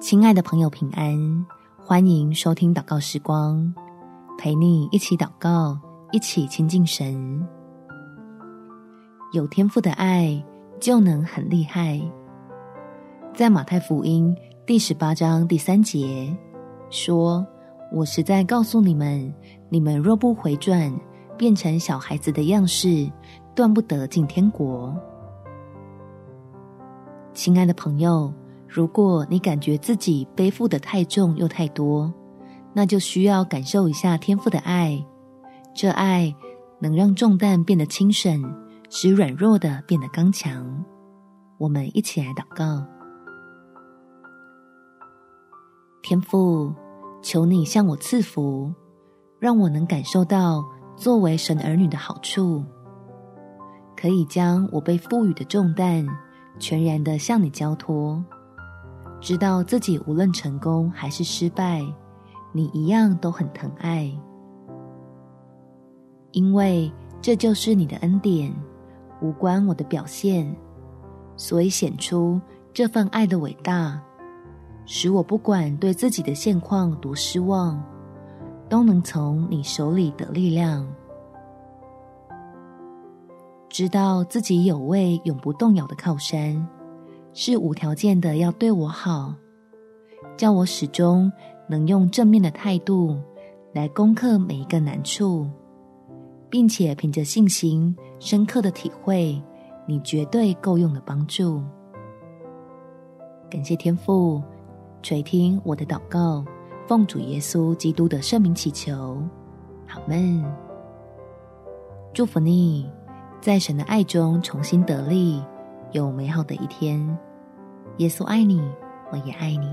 親愛的朋友，平安！歡迎收聽禱告時光，陪你一起禱告，一起親近神。有天父的愛，就能很厲害。在馬太福音第十八章第三節說：“我實在告訴你們，你們若不回轉，變成小孩子的樣式，斷不得進天國。”親愛的朋友。如果你感覺自己背負的太重又太多，那就需要感受一下天父的愛。這愛能讓重擔變得輕省，使軟弱的變得剛強。我們一起來禱告：天父，求你向我賜福，讓我能感受到作為神兒女的好處，可以將我被賦予的重擔全然的向你交託。知道自己無論成功還是失敗，你一樣都很疼愛，因為這就是你的恩典，無關我的表現，所以顯出這份愛的偉大，使我不管對自己的現況多失望，都能從你手裡得力量，知道自己有位永不動搖的靠山。是無條件的要對我好，叫我始終能用正面的態度，來攻克每一個難處，並且憑着信心深刻的體會，你絕對夠用的幫助。感謝天父，垂聽我的禱告，奉主耶穌基督的聖名祈求，阿們。祝福你，在神的愛中重新得力，有美好的一天。耶穌愛你，我也愛你。